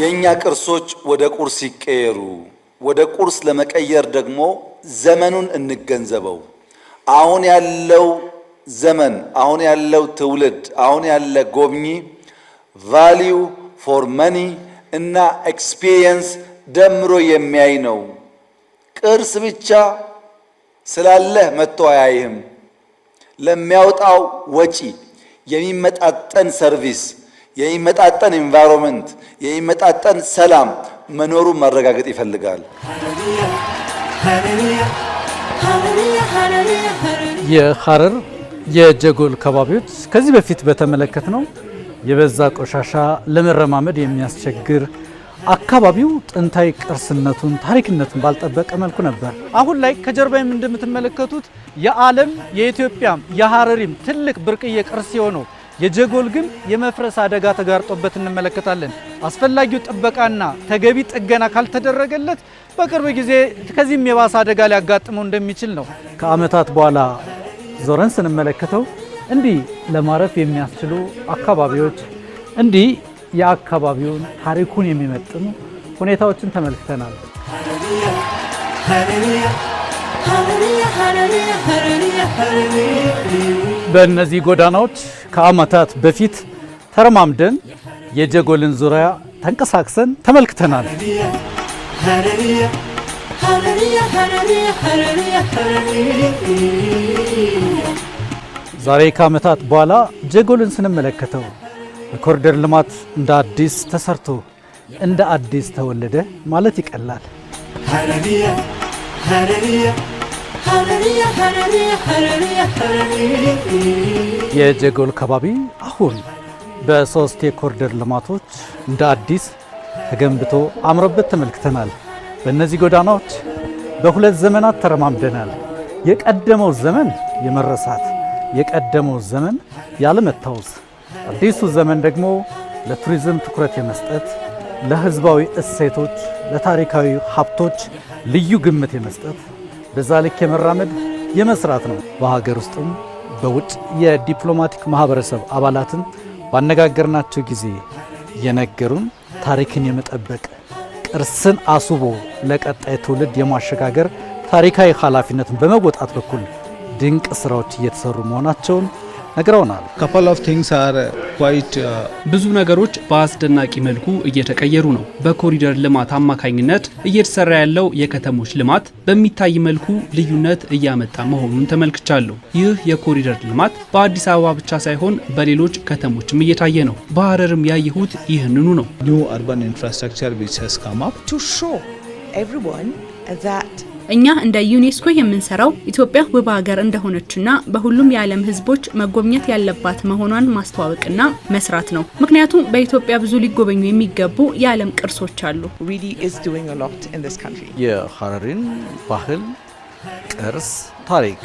የእኛ ቅርሶች ወደ ቁርስ ይቀየሩ። ወደ ቁርስ ለመቀየር ደግሞ ዘመኑን እንገንዘበው። አሁን ያለው ዘመን፣ አሁን ያለው ትውልድ፣ አሁን ያለ ጎብኚ ቫሊዩ ፎር መኒ እና ኤክስፒሪየንስ ደምሮ የሚያይ ነው። ቅርስ ብቻ ስላለህ መቶ አያይህም። ለሚያወጣው ወጪ የሚመጣጠን ሰርቪስ፣ የሚመጣጠን ኤንቫይሮንመንት፣ የሚመጣጠን ሰላም መኖሩን ማረጋገጥ ይፈልጋል። የሐረር የጀጎል ከባቢዎች ከዚህ በፊት በተመለከት ነው የበዛ ቆሻሻ ለመረማመድ የሚያስቸግር አካባቢው ጥንታዊ ቅርስነቱን ታሪክነቱን ባልጠበቀ መልኩ ነበር። አሁን ላይ ከጀርባዬም እንደምትመለከቱት የዓለም የኢትዮጵያም የሐረሪም ትልቅ ብርቅዬ ቅርስ የሆነው የጀጎል ግንብ የመፍረስ አደጋ ተጋርጦበት እንመለከታለን። አስፈላጊው ጥበቃና ተገቢ ጥገና ካልተደረገለት በቅርብ ጊዜ ከዚህም የባሰ አደጋ ሊያጋጥመው እንደሚችል ነው። ከዓመታት በኋላ ዞረን ስንመለከተው እንዲህ ለማረፍ የሚያስችሉ አካባቢዎች እንዲህ የአካባቢውን ታሪኩን የሚመጥኑ ሁኔታዎችን ተመልክተናል። በእነዚህ ጎዳናዎች ከዓመታት በፊት ተረማምደን የጀጎልን ዙሪያ ተንቀሳቅሰን ተመልክተናል። ዛሬ ከዓመታት በኋላ ጀጎልን ስንመለከተው የኮሪደር ልማት እንደ አዲስ ተሰርቶ እንደ አዲስ ተወለደ ማለት ይቀላል። የጀጎል ከባቢ አሁን በሶስት የኮሪደር ልማቶች እንደ አዲስ ተገንብቶ አምሮበት ተመልክተናል። በእነዚህ ጎዳናዎች በሁለት ዘመናት ተረማምደናል። የቀደመው ዘመን የመረሳት የቀደመው ዘመን ያለመታወስ አዲሱ ዘመን ደግሞ ለቱሪዝም ትኩረት የመስጠት ለህዝባዊ እሴቶች፣ ለታሪካዊ ሀብቶች ልዩ ግምት የመስጠት በዛ ልክ የመራመድ የመስራት ነው። በሀገር ውስጥም በውጭ የዲፕሎማቲክ ማህበረሰብ አባላትን ባነጋገርናቸው ጊዜ የነገሩን ታሪክን የመጠበቅ ቅርስን አስቦ ለቀጣይ ትውልድ የማሸጋገር ታሪካዊ ኃላፊነትን በመወጣት በኩል ድንቅ ስራዎች እየተሰሩ መሆናቸውን ነግረውናል። uh, uh, ብዙ ነገሮች በአስደናቂ መልኩ እየተቀየሩ ነው። በኮሪደር ልማት አማካኝነት እየተሰራ ያለው የከተሞች ልማት በሚታይ መልኩ ልዩነት እያመጣ መሆኑን ተመልክቻለሁ። ይህ የኮሪደር ልማት በአዲስ አበባ ብቻ ሳይሆን በሌሎች ከተሞችም እየታየ ነው። በሐረርም ያየሁት ይህንኑ ነው። ኒው አርባን ኢንፍራስትራክቸር እኛ እንደ ዩኔስኮ የምንሰራው ኢትዮጵያ ውብ ሀገር እንደሆነችና በሁሉም የዓለም ሕዝቦች መጎብኘት ያለባት መሆኗን ማስተዋወቅና መስራት ነው። ምክንያቱም በኢትዮጵያ ብዙ ሊጎበኙ የሚገቡ የዓለም ቅርሶች አሉ። የሀረሪን ባህል፣ ቅርስ፣ ታሪክ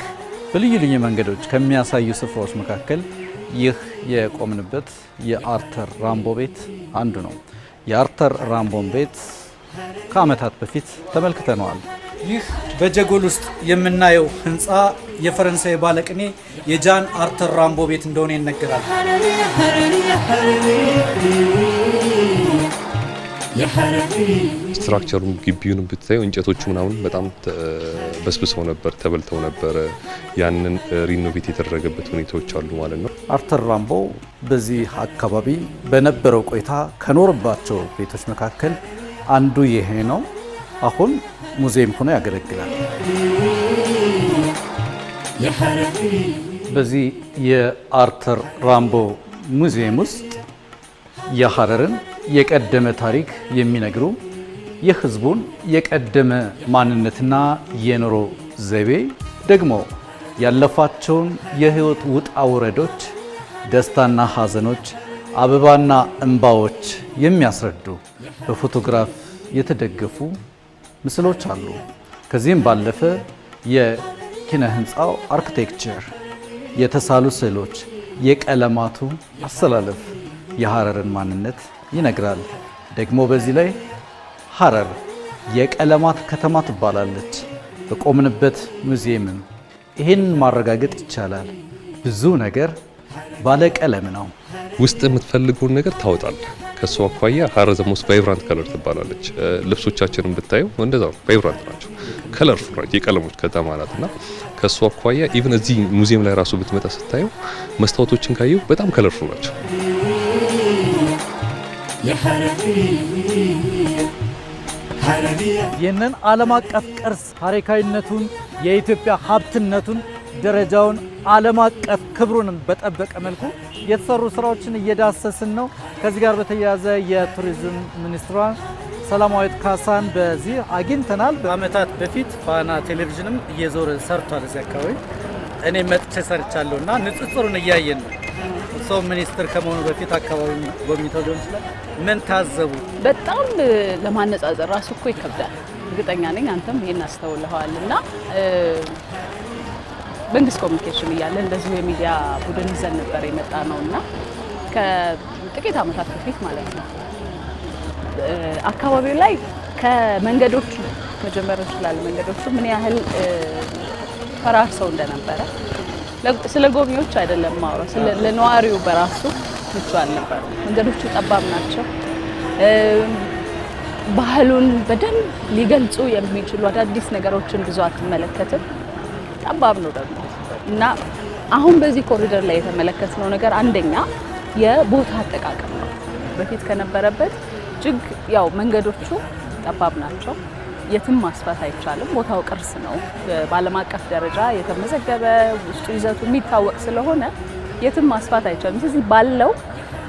በልዩ ልዩ መንገዶች ከሚያሳዩ ስፍራዎች መካከል ይህ የቆምንበት የአርተር ራምቦ ቤት አንዱ ነው። የአርተር ራምቦን ቤት ከዓመታት በፊት ተመልክተነዋል። ይህ በጀጎል ውስጥ የምናየው ህንፃ የፈረንሳይ ባለቅኔ የጃን አርተር ራምቦ ቤት እንደሆነ ይነገራል። ስትራክቸሩን ግቢውን ብታዩ እንጨቶቹ ምናምን በጣም በስብሰው ነበር፣ ተበልተው ነበር። ያንን ሪኖቬት የተደረገበት ሁኔታዎች አሉ ማለት ነው። አርተር ራምቦ በዚህ አካባቢ በነበረው ቆይታ ከኖርባቸው ቤቶች መካከል አንዱ ይሄ ነው። አሁን ሙዚየም ሆኖ ያገለግላል። በዚህ የአርተር ራምቦ ሙዚየም ውስጥ የሀረርን የቀደመ ታሪክ የሚነግሩ የህዝቡን የቀደመ ማንነትና የኑሮ ዘይቤ ደግሞ ያለፋቸውን የህይወት ውጣ ውረዶች፣ ደስታና ሐዘኖች፣ አበባና እንባዎች የሚያስረዱ በፎቶግራፍ የተደገፉ ምስሎች አሉ። ከዚህም ባለፈ የኪነ ህንፃው አርክቴክቸር፣ የተሳሉ ስዕሎች፣ የቀለማቱ አሰላለፍ የሀረርን ማንነት ይነግራል። ደግሞ በዚህ ላይ ሀረር የቀለማት ከተማ ትባላለች። በቆምንበት ሙዚየምም ይህን ማረጋገጥ ይቻላል። ብዙ ነገር ባለቀለም ነው። ውስጥ የምትፈልገውን ነገር ታወጣለ ከእሱ አኳያ ሀረር ሞስት ቫይብራንት ከለር ትባላለች። ልብሶቻችንን ብታየው እንደዛ ነው፣ ቫይብራንት ናቸው፣ ከለርፉል ናቸው፣ የቀለሞች ከተማ ናት እና ከእሱ አኳያ ኢቨን እዚህ ሙዚየም ላይ ራሱ ብትመጣ ስታየው መስታወቶችን ካየው በጣም ከለርፉ ናቸው። ይህንን ዓለም አቀፍ ቅርስ ታሪካዊነቱን የኢትዮጵያ ሀብትነቱን ደረጃውን ዓለም አቀፍ ክብሩንም በጠበቀ መልኩ የተሰሩ ስራዎችን እየዳሰስን ነው። ከዚህ ጋር በተያያዘ የቱሪዝም ሚኒስትሯ ሰላማዊት ካሳን በዚህ አግኝተናል። በአመታት በፊት ፋና ቴሌቪዥንም እየዞረ ሰርቷል። እዚህ አካባቢ እኔ መጥቼ ሰርቻለሁ እና ንጽጽሩን እያየን ነው። ሰው ሚኒስትር ከመሆኑ በፊት አካባቢ ጎብኝተው ሊሆን ይችላል። ምን ታዘቡ? በጣም ለማነጻጸር ራሱ እኮ ይከብዳል። እርግጠኛ ነኝ አንተም ይሄን አስተውልኸዋል እና መንግስት ኮሚኒኬሽን እያለ እንደዚሁ የሚዲያ ቡድን ይዘን ነበር የመጣ ነው እና ከጥቂት አመታት በፊት ማለት ነው አካባቢው ላይ ከመንገዶቹ መጀመር እንችላለን። መንገዶቹ ምን ያህል ፈራርሰው እንደነበረ ስለ ጎብኚዎች አይደለም ማውራት፣ ለነዋሪው በራሱ ምቹ አልነበረ። መንገዶቹ ጠባብ ናቸው። ባህሉን በደንብ ሊገልጹ የሚችሉ አዳዲስ ነገሮችን ብዙ አትመለከትም። ጠባብ ነው ደግሞ እና አሁን በዚህ ኮሪደር ላይ የተመለከትነው ነገር አንደኛ የቦታ አጠቃቀም ነው። በፊት ከነበረበት እጅግ ያው መንገዶቹ ጠባብ ናቸው። የትም ማስፋት አይቻልም። ቦታው ቅርስ ነው። በዓለም አቀፍ ደረጃ የተመዘገበ ውስጡ ይዘቱ የሚታወቅ ስለሆነ የትም ማስፋት አይቻልም። ስለዚህ ባለው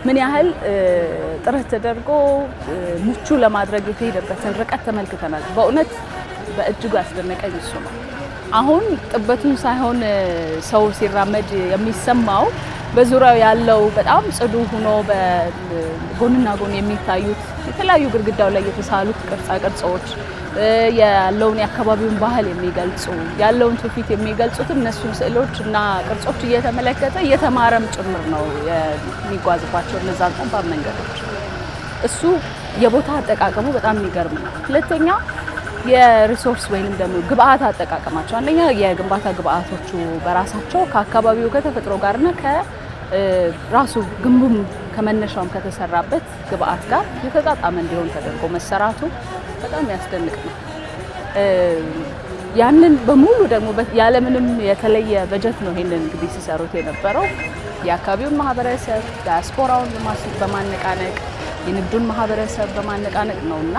ምን ያህል ጥረት ተደርጎ ምቹ ለማድረግ የተሄደበትን ርቀት ተመልክተናል። በእውነት በእጅጉ ያስደነቀኝ እሱ ነው። አሁን ጥበቱን ሳይሆን ሰው ሲራመድ የሚሰማው በዙሪያው ያለው በጣም ጽዱ ሆኖ በጎንና ጎን የሚታዩት የተለያዩ ግድግዳው ላይ የተሳሉት ቅርጻ ቅርጾች ያለውን የአካባቢውን ባህል የሚገልጹ ያለውን ትውፊት የሚገልጹት እነሱን ስዕሎች እና ቅርጾች እየተመለከተ እየተማረም ጭምር ነው የሚጓዝባቸው እነዛን ጠባብ መንገዶች። እሱ የቦታ አጠቃቀሙ በጣም የሚገርም ነው። ሁለተኛ የሪሶርስ ወይንም ደግሞ ግብአት አጠቃቀማቸው አንደኛ የግንባታ ግብአቶቹ በራሳቸው ከአካባቢው ከተፈጥሮ ጋርና ከራሱ ግንቡም ከመነሻውም ከተሰራበት ግብአት ጋር የተጣጣመ እንዲሆን ተደርጎ መሰራቱ በጣም ያስደንቅ ነው። ያንን በሙሉ ደግሞ ያለምንም የተለየ በጀት ነው ይሄንን እንግዲህ ሲሰሩት የነበረው የአካባቢውን ማህበረሰብ ዳያስፖራውን በማነቃነቅ የንግዱን ማህበረሰብ በማነቃነቅ ነው እና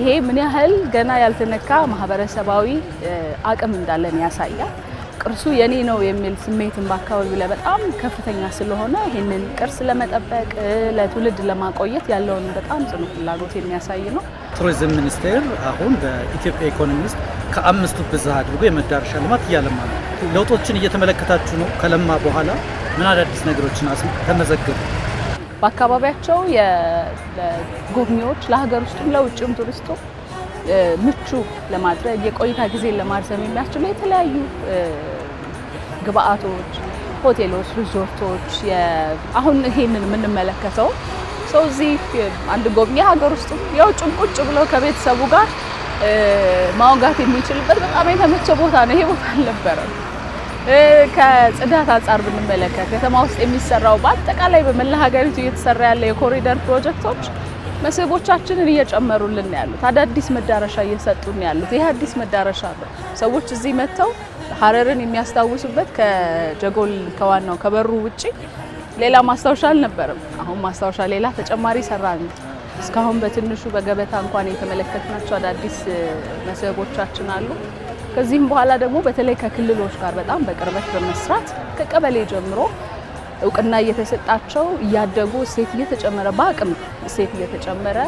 ይሄ ምን ያህል ገና ያልተነካ ማህበረሰባዊ አቅም እንዳለን ያሳያል። ቅርሱ የኔ ነው የሚል ስሜትን በአካባቢው ላይ በጣም ከፍተኛ ስለሆነ ይህንን ቅርስ ለመጠበቅ ለትውልድ ለማቆየት ያለውን በጣም ጽኑ ፍላጎት የሚያሳይ ነው። ቱሪዝም ሚኒስቴር አሁን በኢትዮጵያ ኢኮኖሚ ውስጥ ከአምስቱ ብዝሃ አድርጎ የመዳረሻ ልማት እያለማ ነው። ለውጦችን እየተመለከታችሁ ነው። ከለማ በኋላ ምን አዳዲስ ነገሮችን ተመዘገቡ? በአካባቢያቸው የጎብኚዎች ለሀገር ውስጡም ለውጭም ቱሪስቱ ምቹ ለማድረግ የቆይታ ጊዜን ለማርዘም የሚያስችሉ የተለያዩ ግብአቶች፣ ሆቴሎች፣ ሪዞርቶች አሁን ይሄንን የምንመለከተው ሰው እዚህ አንድ ጎብኚ የሀገር ውስጥ የውጭም ቁጭ ብሎ ከቤተሰቡ ጋር ማውጋት የሚችልበት በጣም የተመቸ ቦታ ነው። ይሄ ቦታ አልነበረም። ከጽዳት አንጻር ብንመለከት ከተማ ውስጥ የሚሰራው በአጠቃላይ በመላ ሀገሪቱ እየተሰራ ያለ የኮሪደር ፕሮጀክቶች መስህቦቻችንን እየጨመሩልን ያሉት አዳዲስ መዳረሻ እየሰጡን ያሉት ይህ አዲስ መዳረሻ ነው። ሰዎች እዚህ መጥተው ሀረርን የሚያስታውሱበት ከጀጎል ከዋናው ከበሩ ውጪ ሌላ ማስታወሻ አልነበረም። አሁን ማስታወሻ ሌላ ተጨማሪ ሰራ እስካሁን በትንሹ በገበታ እንኳን የተመለከትናቸው አዳዲስ መስህቦቻችን አሉ። ከዚህም በኋላ ደግሞ በተለይ ከክልሎች ጋር በጣም በቅርበት በመስራት ከቀበሌ ጀምሮ እውቅና እየተሰጣቸው እያደጉ ሴት እየተጨመረ በአቅም እሴት እየተጨመረ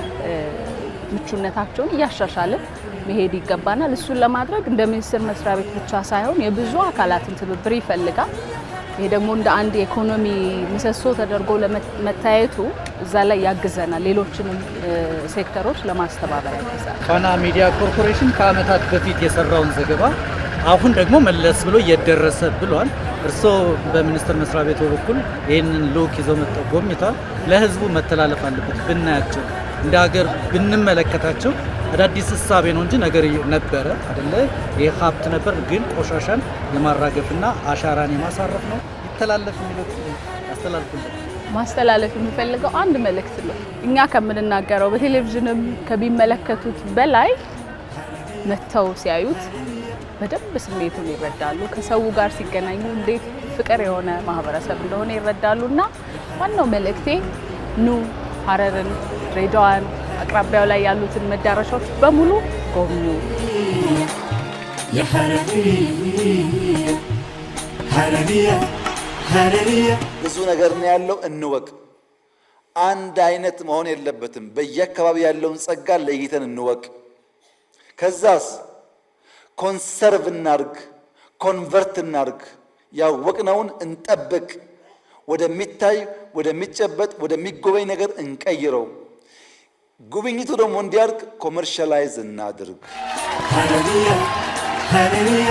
ምቹነታቸውን እያሻሻልን መሄድ ይገባናል። እሱን ለማድረግ እንደ ሚኒስቴር መስሪያ ቤት ብቻ ሳይሆን የብዙ አካላትን ትብብር ይፈልጋል። ይሄ ደግሞ እንደ አንድ የኢኮኖሚ ምሰሶ ተደርጎ መታየቱ እዛ ላይ ያግዘናል። ሌሎችንም ሴክተሮች ለማስተባበር ያግዛል። ፋና ሚዲያ ኮርፖሬሽን ከዓመታት በፊት የሰራውን ዘገባ አሁን ደግሞ መለስ ብሎ እየደረሰ ብሏል። እርስዎ በሚኒስቴር መስሪያ ቤቱ በኩል ይህንን ልዑክ ይዘው መጥተው ጎብኝተዋል። ለህዝቡ መተላለፍ አለበት ብናያቸው፣ እንደ ሀገር ብንመለከታቸው አዳዲስ እሳቤ ነው እንጂ ነገር ነበረ አደለ? ይህ ሀብት ነበር፣ ግን ቆሻሻን የማራገፍና አሻራን የማሳረፍ ነው ይተላለፍ የሚሉት ያስተላልፉልን። ማስተላለፍ የሚፈልገው አንድ መልእክት ነው። እኛ ከምንናገረው በቴሌቪዥንም ከሚመለከቱት በላይ መጥተው ሲያዩት በደንብ ስሜቱን ይረዳሉ። ከሰው ጋር ሲገናኙ እንዴት ፍቅር የሆነ ማህበረሰብ እንደሆነ ይረዳሉ። እና ዋናው መልእክቴ ኑ ሀረርን፣ ድሬዳዋን አቅራቢያው ላይ ያሉትን መዳረሻዎች በሙሉ ጎብኙ። ብዙ ነገር ነው ያለው። እንወቅ። አንድ አይነት መሆን የለበትም። በየአካባቢ ያለውን ጸጋ ለይተን እንወቅ። ከዛስ ኮንሰርቭ እናርግ፣ ኮንቨርት እናርግ፣ ያወቅነውን እንጠብቅ። ወደሚታይ ወደሚጨበጥ፣ ወደሚጎበኝ ነገር እንቀይረው። ጉብኝቱ ደግሞ እንዲያድግ ኮመርሻላይዝ እናድርግ። ሃሌሉያ